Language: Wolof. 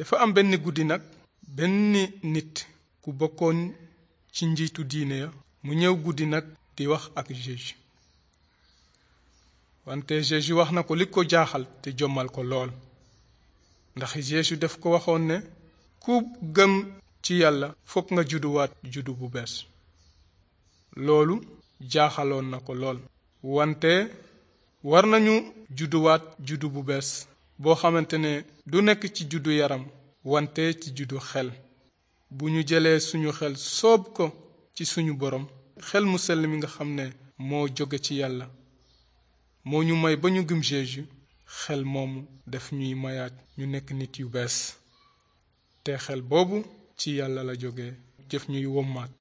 dafa am benn guddi nag benn nit ku bokkoon ci njiitu diine ya mu ñëw guddi nag di wax ak Jéesu wante Jéesu wax na ko li ko jaaxal te jommal ko lool ndax Jéesu daf ko waxoon ne ku gën ci yàlla fokk nga judduwaat juddu bu bees loolu jaaxaloon na ko lool wante war nañu judduwaat juddu bu bees boo xamante ne du nekk ci juddu yaram wante ci juddu xel bu ñu jëlee suñu xel soob ko ci suñu borom xel mu sell mi nga xam ne moo jóge ci yàlla moo ñu may ba ñu gëm Jésus xel moomu def ñuy mayaat ñu nekk nit yu bees te xel boobu ci yàlla la jóge jëf ñuy wommaat